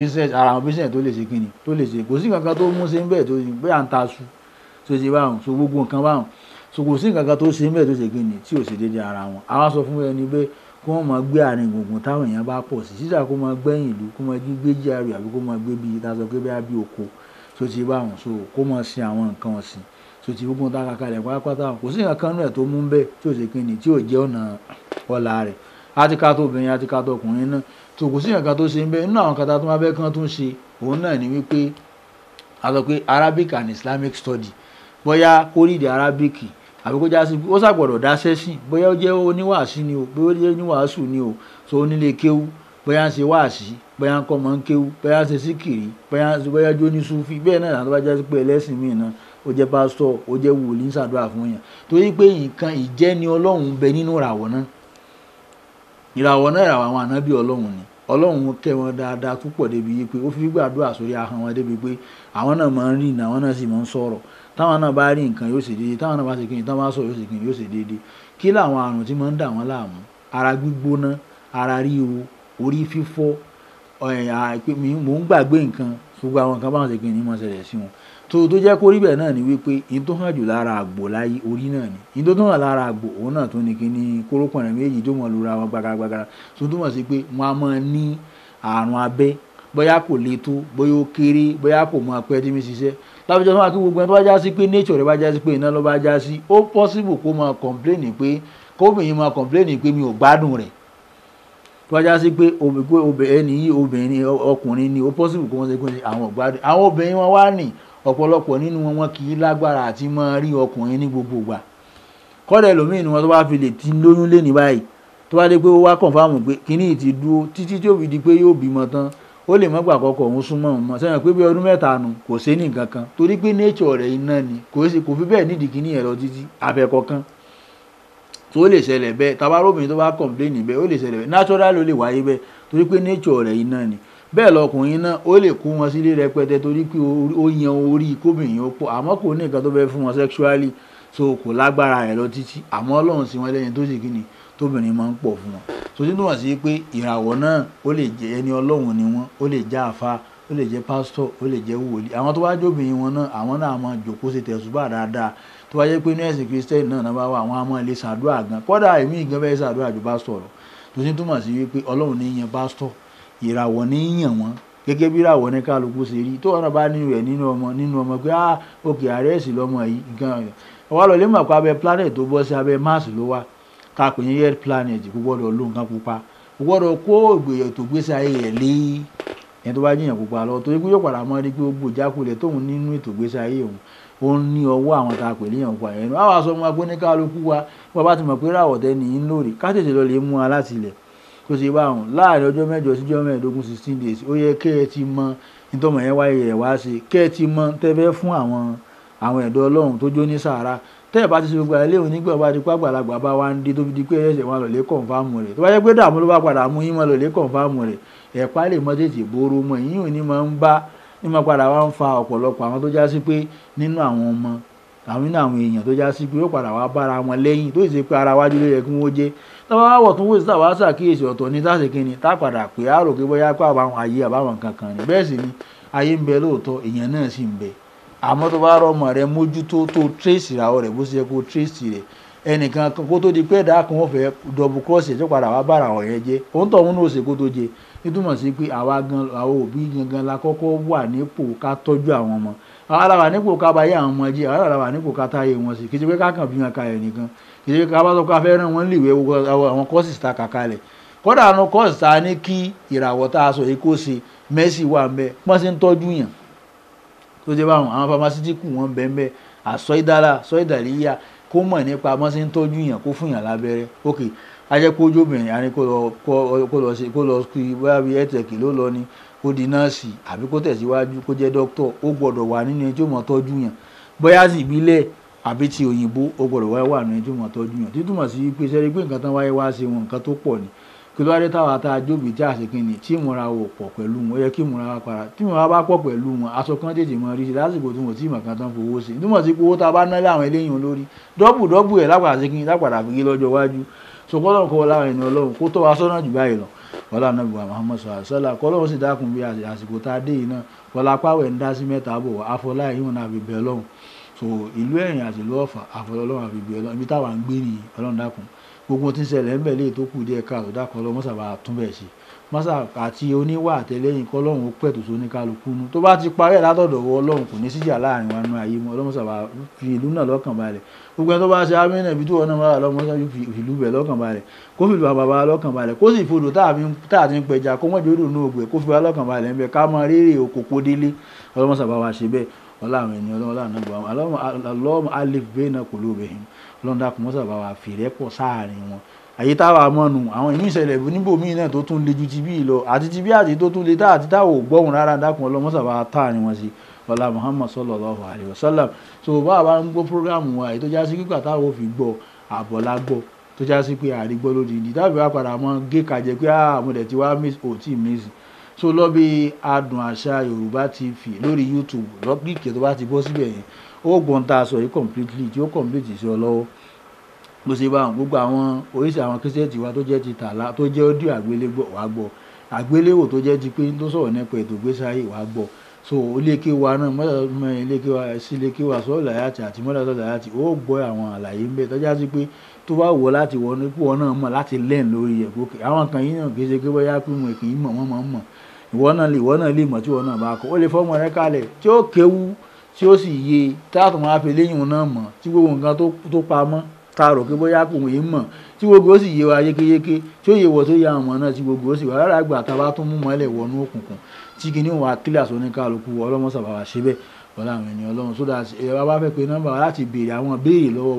business ara àwọn business tó lè ṣe kíni tó lè ṣe kò sí nǹkan kan tó mú ṣe ń bẹ̀ tó ṣe pé à ń ta aṣù tó ṣe báwọn so gbogbo nǹkan báwọn so kò sí nǹkan kan tó ṣe ń bẹ̀ tó ṣe kíni tí ò ṣe déédéé ara wọn àwa sọ fún ẹni pé kó wọn máa gbé àárín gbùngbùn táwọn èèyàn bá pọ̀ sí sísà kó máa gbẹ́yìn ìlú kó máa gbé GRA àbí kó máa gbé bí ta sọ pé bí oko tó ṣe báwọn so kó máa sin àwọn nǹkan ọ̀sìn tó ti gbogbo ta kàkà pátápátá kò sí nǹkan kan náà tó mú ń bẹ̀ ṣe kíni tí ò jẹ́ ọ̀nà ọ̀la rẹ̀ àti ká tó obìnrin àti ká tó ọkùnrin náà tó kò sí nǹkan tó ṣe ń bẹ nínú àwọn kata tó máa bẹ́ kán tó ń ṣe òun náà ni wípé a sọ pé Arabic and Islamic study bóyá kó rí di Arabic àbí kó já sí ó ṣàgbọ̀dọ̀ dá sẹ́sìn bóyá ó jẹ́ oníwàásí ni o bóyá ó jẹ́ oníwàásù ni o so ó nílé kéwú bóyá ń ṣe wáàsí bóyá ń kọ́ mọ́ ń kéwú bóyá ń ṣe síkìrì bóyá jó ní súfì bẹ́ẹ̀ náà tó bá já sí pé ẹlẹ́sìn míì náà ó jẹ́ pásítọ̀ ó jẹ́ wòlíì fún yàn torí pé nǹkan ìjẹ́ni Ọlọ́run bẹ nínú ìràwọ̀ náà ìràwọ̀ náà ìràwọ̀ àwọn ànábì ọlọ́run ni ọlọ́run tẹ́ wọn dáadáa púpọ̀ débi yìí pé ó fi gbàdúrà sórí ahọ́n wọn débi pé àwọn náà máa ń rìn náà àwọn náà sì máa ń sọ̀rọ̀ táwọn náà bá rí nǹkan yóò ṣe déédéé táwọn náà bá ṣe kìnnìkan táwọn bá sọ̀rọ̀ yóò ṣe kìnnìkan yóò ṣe déédéé kí làwọn àrùn tí máa ara gbígbóná ara ríro orí fífọ́ mò ń gbogbo àwọn nǹkan báwọn ṣe pé ní mọ̀ ṣẹlẹ̀ sí wọn tó tó jẹ́ kó rí náà ni wípé in tó hàn jù lára àgbò láyé orí náà ni in tó tó hàn lára àgbò òun náà tó ní kíní kórópọ̀nrẹ́ méjì tó mọ̀ lura wọn gbagagbagara tó tó mọ̀ sí pé wọ́n á máa ní àrùn abẹ́ bóyá kò le tó bóyá ó kéré bóyá kò mọ apẹ́ tí mi ṣiṣẹ́ lábẹ́jọ́ fún wa kí gbogbo ẹni tó bá já sí pé nature rẹ̀ bá já sí pé iná ló bá já sí ó possible kó máa complain pé kóbìnrin máa complain pé mi tó bá já sí pé obìnrin nìyí obìnrin ọkùnrin ni ó pọ́sibù kó wọ́n ṣe pé àwọn ògbádùn àwọn obìnrin wọn wá nì ọ̀pọ̀lọpọ̀ nínú wọn wọn kì í lágbára àti máa rí ọkùnrin ní gbogbo ìgbà kọ́dà ẹlòmíì ni wọn tó bá fi lè ti lóyún lé ní báyìí tó bá dé pé ó wá kọ̀ǹfàmù pé kíní ti dúró títí tí ó fi di pé yóò bímọ tán ó lè mọ́gbà kọkọ̀ òun súnmọ́ òun mọ́ sẹ́yìn pé bí ọdún mẹ́ta nù kò sí ní kan torí pé nature rẹ̀ iná ni kò fi bẹ́ẹ̀ nídìí kíní ẹ̀rọ títí abẹ́kọ̀kan tó lè ṣẹlẹ̀ bẹ́ẹ̀ tabarobìnrin tó bá kọ̀m̀pléènì bẹ́ẹ̀ ó lè ṣẹlẹ̀ bẹ́ẹ̀ natural ló lè wáyé bẹ́ẹ̀ torí pé nature rẹ̀ iná ni bẹ́ẹ̀ lọkùnrin náà ó lè kó wọn sílé rẹpẹtẹ torí pé ó yan orí kóbìnrin ó pọ̀ àmọ́ kò ní nǹkan tó fẹ́ fún wọn sexually so kò lágbára rẹ̀ lọ títí àmọ́ ọlọ́run sí wọn lẹ́yìn tó sì kí ni tóbìnrin máa ń pọ̀ fún wọn so tí tó wà sí pé ìràwọ̀ náà ó lè jẹ́ ẹni ọlọ́run ni wọ́n ó lè já àfa ó lè jẹ́ pásítọ̀ ó lè jẹ́ wòlíì àwọn tó wá jóbìnrin wọn náà àwọn náà máa jókòó ṣe tẹ̀sùbà dáadáa tó wáyé pé ní ẹ̀sìn kristẹni náà náà bá wà àwọn àmọ́ ilé ṣàdúrà gan kódà èmi gan fẹ́ ṣàdúrà ju pásítọ̀ lọ tó sì túmọ̀ sí wípé ọlọ́run ní yan pásítọ̀ ìràwọ̀ ní yàn wọ́n gẹ́gẹ́ bí ìràwọ̀ ní kálukú ṣe rí tó ọ̀nà bá ní rẹ̀ nínú ọmọ nínú ọmọ pé ah òkè àrẹ́sì lọ́mọ yìí gan ọwọ́ lọ lè pé abẹ planet tó bọ́ sí abẹ Mars ló wà ká pè ní red planet kò gbọ́dọ̀ ló nǹkan pupa kò gbọ́dọ̀ kó ètò ìgbésí ayé rẹ̀ lé ẹni tó bá jiyàn kó pa lọ́wọ́ torí pé yóò padà mọ́ rí pé gbogbo ìjákulẹ̀ tóun nínú ètò ìgbésí ayé òun ó ń ní ọwọ́ àwọn tá a pè léyàn pa ẹnu àwọn aṣọ ọmọ agbóni kálukú wa wọn bá ti mọ̀ pé ráwọ̀tẹ́ ní í lórí kátètè lọ lè mú wa láti ilẹ̀ tó ṣe bá wọn láàrin ọjọ́ mẹ́jọ síjọ́ mẹ́ẹ̀ẹ́dógún sixteen days ó yẹ kẹ́ ẹ ti mọ nítorí ẹ̀ wáyé rẹ̀ wá ṣe kẹ́ ẹ ti mọ tẹ́fẹ́ fún àwọn àwọn ẹ̀dọ́ ọlọ́run tó jó ní sàárà tẹ́ ẹ̀ bá ti ṣe ilé àlẹ́ òní gbọ́ bá ti àgbàlagbà bá wa ń di tóbi fi di pé ẹ̀ṣẹ̀ wọn lọ̀lẹ́ kọ̀ǹfàmù rẹ̀ tó bá yẹ pé dààmú ló bá padà mú yín wọn lọ̀lẹ́ kọ̀ǹfàmù rẹ̀ ẹ̀pá lè mọ tètè ború mọ yín òní máa ń bá ní máa padà wá ń fa ọ̀pọ̀lọpọ̀ àwọn tó já sí pé nínú àwọn ọmọ àwọn nínú àwọn èèyàn tó já sí pé yóò padà wá bára wọn lẹ́yìn tó ara wájú àmọ́ tó bá rọ ọmọ rẹ mójútó tó tírèsì ìràwọ̀ rẹ̀ bó ṣe yẹ kó tírèsì rẹ̀ ẹnìkan kó tó di pé ẹ̀dá kan wọ́n fẹ́ dọ̀bù kírọ́ọ̀sì ẹ̀jẹ̀ padà wá bára àwọn jẹ́ òun tọ̀hún ní òsè kó tó jẹ nítumọ̀ sí pé àwa gan àwọn òbí gangan la kọ́kọ́ wà nípò ká tọ́jú àwọn ọmọ àwọn aláwà nípò ká bá yé àwọn ọmọ jẹ àwọn aláwà nípò ká táyé wọn sí kì ṣe pé ká kàn bí wọn ka ẹ̀ nìkan kì ṣe pé ká bá sọ pé a fẹ́ ràn wọ́n lìwé àwọn kọ́ọ̀sì ta kàkalẹ̀ kódà àwọn kọ́ọ̀sì ta ní kí ìràwọ̀ tá a sọ yìí kó ṣe mẹ́sì wà ń bẹ́ẹ̀ wọ́n ṣe ń tọ́jú yàn tó jẹ́ báwọn àwọn pharmaceutical wọn bẹ́ẹ̀ bẹ́ẹ̀ àsọyídára àsọyídàlíyà kó mọ̀ nípa bọ́n ṣe ń tọ́jú yàn kó fún yàn lábẹ́rẹ́ ok ajẹ́kójú obìnrin àní kó lọ kó lọ sí kó lọ sí bóyá bíi ẹ̀tẹ̀kì ló lọ ni kó di nọ́ọ̀sì àbí kó tẹ̀síwájú kó jẹ́ dókítọ̀ ó gbọ́dọ̀ wà nínú ẹni tí ó mọ̀ tọ́jú yàn bóyá sì ìbílẹ̀ àbí ti òyìnbó ó gbọ́dọ̀ wá wà nínú ẹni tí tọ́jú yàn títúmọ̀ sí pé sẹ́rí pé nǹkan tán wáyé wá ṣe wọn nǹkan tó pọ̀ ni kí ló wá dé táwa tá a jóbi tí a ṣe kí ni tí ìmúra wò pọ̀ pẹ̀lú wọn ó yẹ kí ìmúra wa para tí ìmúra bá pọ̀ pẹ̀lú wọn aṣọ kan tètè mọ rí sí lásìkò tí wọn tí ìmọ̀ kan tán fowó sí nímọ̀ sí pé owó tá a bá ná láwọn eléyìí olórí dọ́bù dọ́bù ẹ̀ lápàdà sí kí lápàdà fi lọ́jọ́ iwájú sọkọ́lọ́ kọ́ láwọn ẹni ọlọ́run kó tọ́ wa sọ́nà jù báyìí lọ wọlá nàbì wa muhammad sọlá sọlá kọlọ́run sì dákun bí àsìkò tá a dé yìí náà wọlá pàwẹ̀ ń dá sí mẹ́ta bọ̀ afọlá ìhùn náà fi bẹ̀ ọlọ́run so ìlú ẹ̀yìn àti ìlú ọ̀fà afọlọ́run àfi bẹ̀ ọlọ́run ibi táwa ń gbé nìyí ọlọ́run dákun gbogbo tí ń ṣẹlẹ̀ ń bẹ̀ lè tó kù díẹ̀ káàtó dákọ̀ lọ mọ́sàbà àtúnbẹ̀ ṣe mọ́sà àti oníwà àtẹlẹ́yìn kọ́ lọ́run ó pẹ̀tù sí oníkálukú nu tó bá ti parí ẹ̀ látọ̀dọ̀ wọ ọlọ́run kò ní síjà láàrin wa nu ayé mu ọlọ́mọsàbà fi ìlú náà lọ́kàn balẹ̀ gbogbo ẹni tó bá ṣe amínà ibi tó wọn náà wà lọ́mọsàbà fi ìlú bẹ̀ lọ́kàn balẹ̀ kó fi bàbá bàbá lọ́kàn balẹ̀ kó sì fodò tá a ti ń pẹja kó mọ̀jọ́ dùn ní ògbẹ́ kó fi wa lọ́kàn balẹ̀ ń bẹ ká máa rírè òkòkò délé ọlọ́mọsàbà wa ṣe bẹ́ẹ̀ wọn láwọn ẹni ọlọ́run láwọn náà gbọ́ alọ́mọ alif bẹ́ẹ̀ náà kò lóore hìn ọlọ́run dàkún mọ́sà bá wa fìrẹ́ pọ̀ sáàrin wọn àyè táwa mọ́nu àwọn ìmí ìṣẹ̀lẹ̀ níbòmíì náà tó tún le ju ti bíi lọ àti ti bí àti tó tún le tá àti táwa ò gbọ́hùn rárá dákun ọlọ́run mọ́sà bá táàrin wọn sí ọlá muhammad sallallahu alayhi wa sallam so bá a bá ń gbọ́ programu wa èyí tó já sí kíkà táwa ò fi gbọ́ àbọ̀lá gbọ́ tó já sí pé àrígbọ́ lódìdí tábìlì wa padà mọ́ gé kàjẹ́ pé àwọn tí wàá miss ò tí ì miss so lọ bí adùn àṣà yorùbá tv lórí youtube lọ kíkì tó bá ti bọ́ síbẹ̀ yẹn ó gbọ́n tá a sọ yìí completely tí ó complete sí ọ lọ́wọ́ bó ṣe bá gbogbo àwọn oríṣi àwọn kíṣẹ́ẹ̀tì wa tó jẹ́ ti tààlà tó jẹ́ ọdún àgbélébọ̀ wàá gbọ́ àgbéléwò tó jẹ́ ti pé ló sọ̀rọ̀ nípa ètò ìgbésí ayé wàá gbọ́ so iléeké wa náà mọ́tàmọ́ iléeké wa sí iléeké wa sọ́ọ́ làyàtì àti mọ́tàmọ́ làyàtì ó gbọ́ àwọn àlàyé ń bẹ tọ́já sí pé tó bá wọ̀ láti wọ̀ nípò náà mọ̀ láti lẹ́ẹ̀n lórí ẹ̀ gòkè àwọn kan yìí náà kì í ṣe pé bóyá pé mo kì í mọ̀ wọ́n mọ̀ mọ̀ ìwọ náà lè ìwọ náà lè mọ̀ tí ìwọ náà bá kọ́ ó lè fọ́mọ rẹ kalẹ̀ tí ó kéwu tí ó sì yé táàtò máa fi léyìn náà mọ̀ tí gbogbo nǹkan tó pamọ́ tá a rò pé bóyá kò wọ́n yé mọ̀ tí gbogbo ó sì yé wa yékéyéké tí ó yé wọ tó yá àwọn náà tí gbogbo ó sì wà rárá gbà tá a bá tún mú mọ́lẹ̀ wọnú òkùnkùn tí kìíní wà kílàsì oníkàlùkù ọlọ́mọ sàbàwà ṣe bẹ́ẹ̀ ọlọ́run ènìyàn ọlọ́run sódà ẹ wá bá fẹ́ pe nọ́mbà láti béèrè àwọn béèrè